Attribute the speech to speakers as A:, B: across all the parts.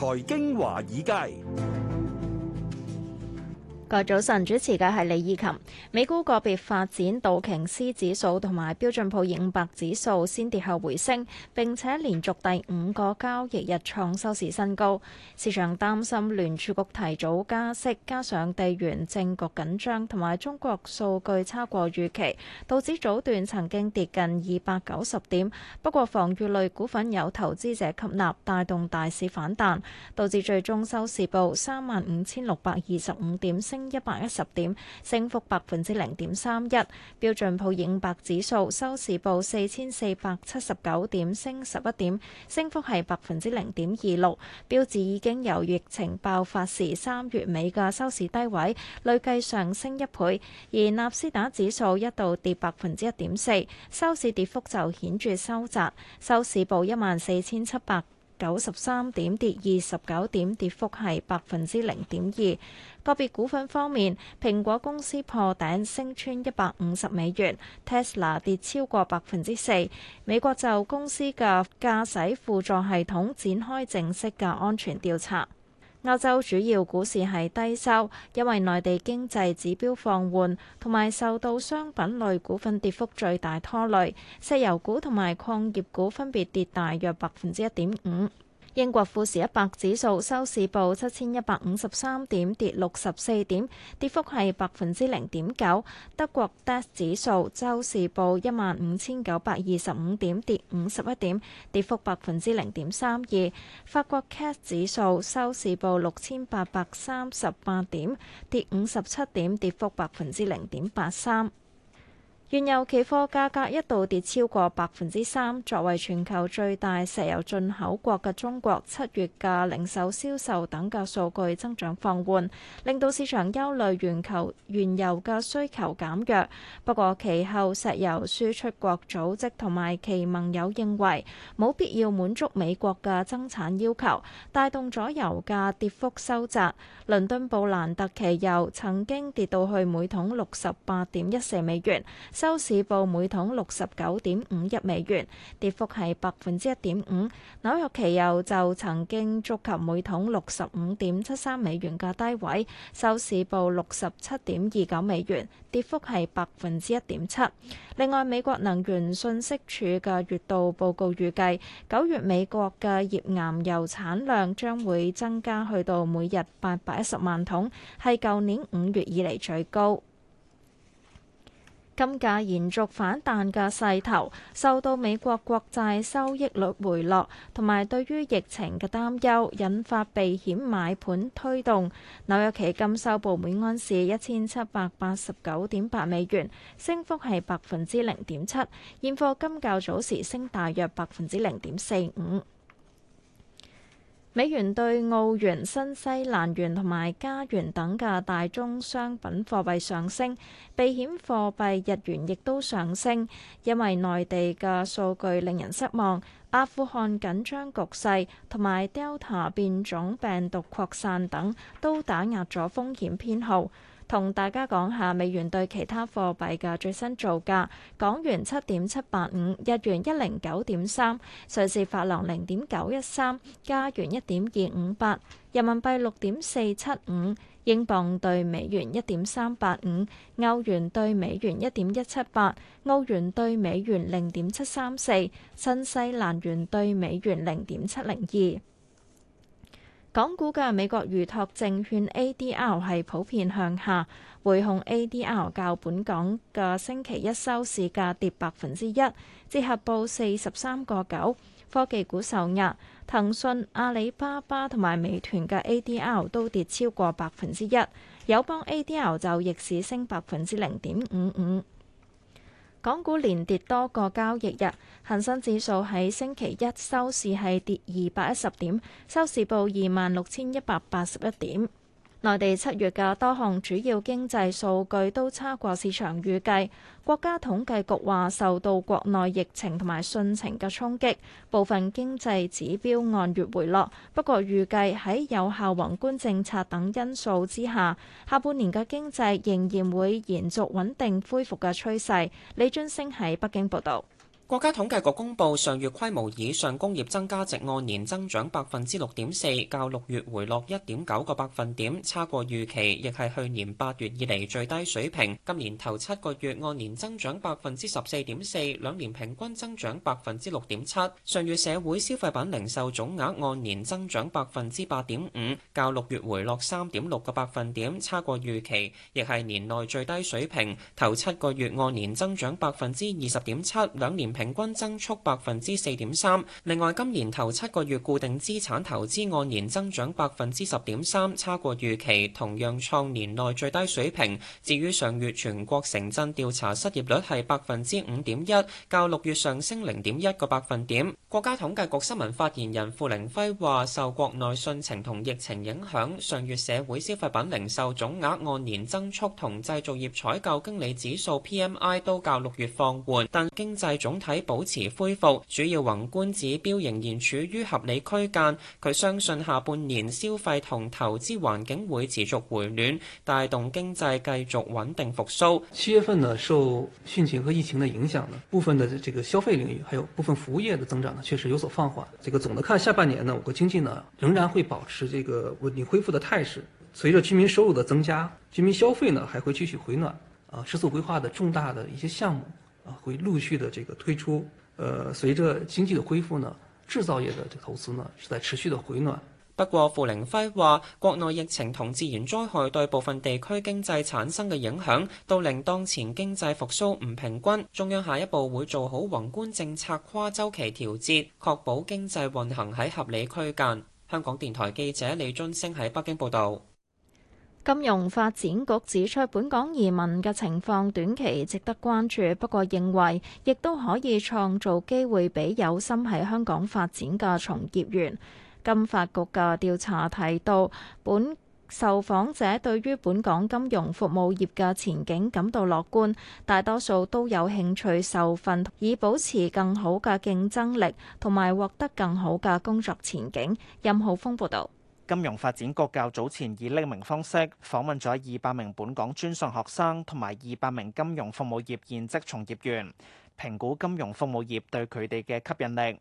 A: 財經華爾街。
B: 各位早晨，主持嘅係李依琴。美股個別發展，道瓊斯指數同埋標準普爾五百指數先跌後回升，並且連續第五個交易日創收市新高。市場擔心聯儲局提早加息，加上地緣政局緊張同埋中國數據差過預期，導致早段曾經跌近二百九十點。不過防禦類股份有投資者吸納，帶動大市反彈，導致最終收市報三萬五千六百二十五點升一百一十點，升幅百分之零點三一。標準普爾五百指數收市報四千四百七十九點，升十一點，升幅係百分之零點二六。標指已經由疫情爆發時三月尾嘅收市低位，累計上升一倍。而納斯達指數一度跌百分之一點四，收市跌幅就顯著收窄，收市報一萬四千七百。九十三點跌二十九點，跌幅係百分之零點二。個別股份方面，蘋果公司破頂升穿一百五十美元，Tesla 跌超過百分之四。美國就公司嘅駕駛輔助系統展開正式嘅安全調查。歐洲主要股市係低收，因為內地經濟指標放緩，同埋受到商品類股份跌幅最大拖累，石油股同埋礦業股分別跌大約百分之一點五。英國富時一百指數收市報七千一百五十三點，跌六十四點，跌幅係百分之零點九。德國 DAX 指數收市報一萬五千九百二十五點，跌五十一點，跌幅百分之零點三二。法國 CAC 指數收市報六千八百三十八點，跌五十七點，跌幅百分之零點八三。原油期貨價格一度跌超過百分之三。作為全球最大石油進口國嘅中國七月嘅零售銷售售等嘅數據增長放緩，令到市場憂慮全球原油嘅需求減弱。不過其後石油輸出國組織同埋其盟友認為冇必要滿足美國嘅增產要求，帶動咗油價跌幅收窄。倫敦布蘭特期油曾經跌到去每桶六十八點一四美元。收市報每桶六十九點五一美元，跌幅係百分之一點五。紐約期油就曾經觸及每桶六十五點七三美元嘅低位，收市報六十七點二九美元，跌幅係百分之一點七。另外，美國能源信息署嘅月度報告預計，九月美國嘅頁岩油產量將會增加去到每日八百一十萬桶，係舊年五月以嚟最高。金價延續反彈嘅勢頭，受到美國國債收益率回落同埋對於疫情嘅擔憂，引發避險買盤推動。紐約期金收報每盎司一千七百八十九點八美元，升幅係百分之零點七。現貨金較早時升大約百分之零點四五。美元對澳元、新西蘭元同埋加元等嘅大宗商品貨幣上升，避險貨幣日元亦都上升，因為內地嘅數據令人失望，阿富汗緊張局勢同埋 Delta 變種病毒擴散等都打壓咗風險偏好。同大家講下美元對其他貨幣嘅最新造價：港元七點七八五，日元一零九點三，瑞士法郎零點九一三，加元一點二五八，人民幣六點四七五，英鎊對美元一點三八五，歐元對美元一點一七八，澳元對美元零點七三四，新西蘭元對美元零點七零二。港股嘅美國預託證券 ADR 係普遍向下，匯控 ADR 較本港嘅星期一收市價跌百分之一，折合報四十三個九。科技股受壓，騰訊、阿里巴巴同埋美團嘅 ADR 都跌超過百分之一，友邦 ADR 就逆市升百分之零點五五。港股連跌多個交易日，恆生指數喺星期一收市係跌二百一十點，收市報二萬六千一百八十一點。內地七月嘅多項主要經濟數據都差過市場預計。國家統計局話，受到國內疫情同埋汛情嘅衝擊，部分經濟指標按月回落。不過預計喺有效宏觀政策等因素之下，下半年嘅經濟仍然會延續穩定恢復嘅趨勢。李津星喺北京報道。
C: 國家統計局公布上月規模以上工業增加值按年增長百分之六點四，較六月回落一點九個百分點，差過預期，亦係去年八月以嚟最低水平。今年頭七個月按年增長百分之十四點四，兩年平均增長百分之六點七。上月社會消費品零售總額按年增長百分之八點五，較六月回落三點六個百分點，差過預期，亦係年內最低水平。頭七個月按年增長百分之二十點七，兩年。平均增速百分之四點三，另外今年頭七個月固定資產投資按年增長百分之十點三，差過預期，同樣創年內最低水平。至於上月全國城鎮調查失業率係百分之五點一，較六月上升零點一個百分點。國家統計局新聞發言人付凌暉話：受國內汛情同疫情影響，上月社會消費品零售總額按年增速同製造業採購經理指數 PMI 都較六月放緩，但經濟總體。喺保持恢復，主要宏觀指標仍然處於合理區間。佢相信下半年消費同投資環境會持續回暖，帶動經濟繼續穩定復蘇。七月份呢，受汛情和疫情的影響呢，部分的這個消費領域，還有部分服務業的增長呢，確實有所放緩。這個總的看下半年呢，我國經濟呢仍然會保持這個穩定恢復的態勢。隨着居民收入的增加，居民消費呢還會繼續回暖。啊，十四五規劃的重大的一些項目。會陸續的這個推出，呃，隨着經濟的恢復呢，製造業的這投資呢是在持續的回暖。不過，傅凌輝話，國內疫情同自然災害對部分地區經濟產生嘅影響，都令當前經濟復蘇唔平均。中央下一步會做好宏觀政策跨週期調節，確保經濟運行喺合理區間。香港電台記者李津升喺北京報道。
B: 金融發展局指出，本港移民嘅情況短期值得關注，不過認為亦都可以創造機會俾有心喺香港發展嘅從業員。金發局嘅調查提到，本受訪者對於本港金融服務業嘅前景感到樂觀，大多數都有興趣受訓，以保持更好嘅競爭力同埋獲得更好嘅工作前景。任浩峰報道。
A: 金融發展局較早前以匿名方式訪問咗二百名本港專上學生同埋二百名金融服務業現職從業員，評估金融服務業對佢哋嘅吸引力。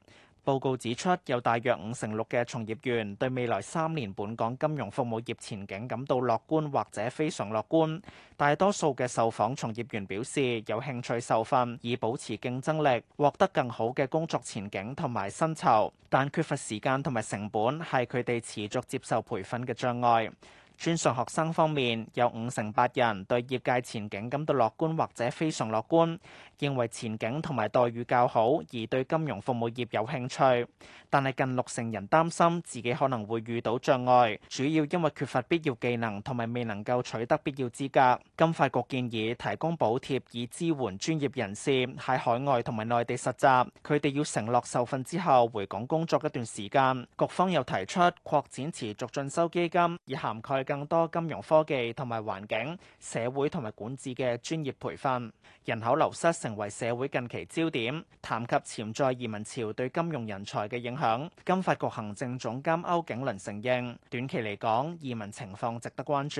A: 報告指出，有大約五成六嘅從業員對未來三年本港金融服務業前景感到樂觀或者非常樂觀。大多數嘅受訪從業員表示有興趣受訓，以保持競爭力、獲得更好嘅工作前景同埋薪酬，但缺乏時間同埋成本係佢哋持續接受培訓嘅障礙。專上學生方面，有五成八人對業界前景感到樂觀或者非常樂觀，認為前景同埋待遇較好而對金融服務業有興趣。但係近六成人擔心自己可能會遇到障礙，主要因為缺乏必要技能同埋未能夠取得必要資格。金發局建議提供補貼以支援專業人士喺海外同埋內地實習，佢哋要承諾受訓之後回港工作一段時間。局方又提出擴展持續進修基金，以涵蓋更多金融科技同埋環境、社會同埋管治嘅專業培訓。人口流失成為社會近期焦點，談及潛在移民潮對金融人才嘅影響。金發局行政總監歐景倫承認，短期嚟講，移民情況值得關注。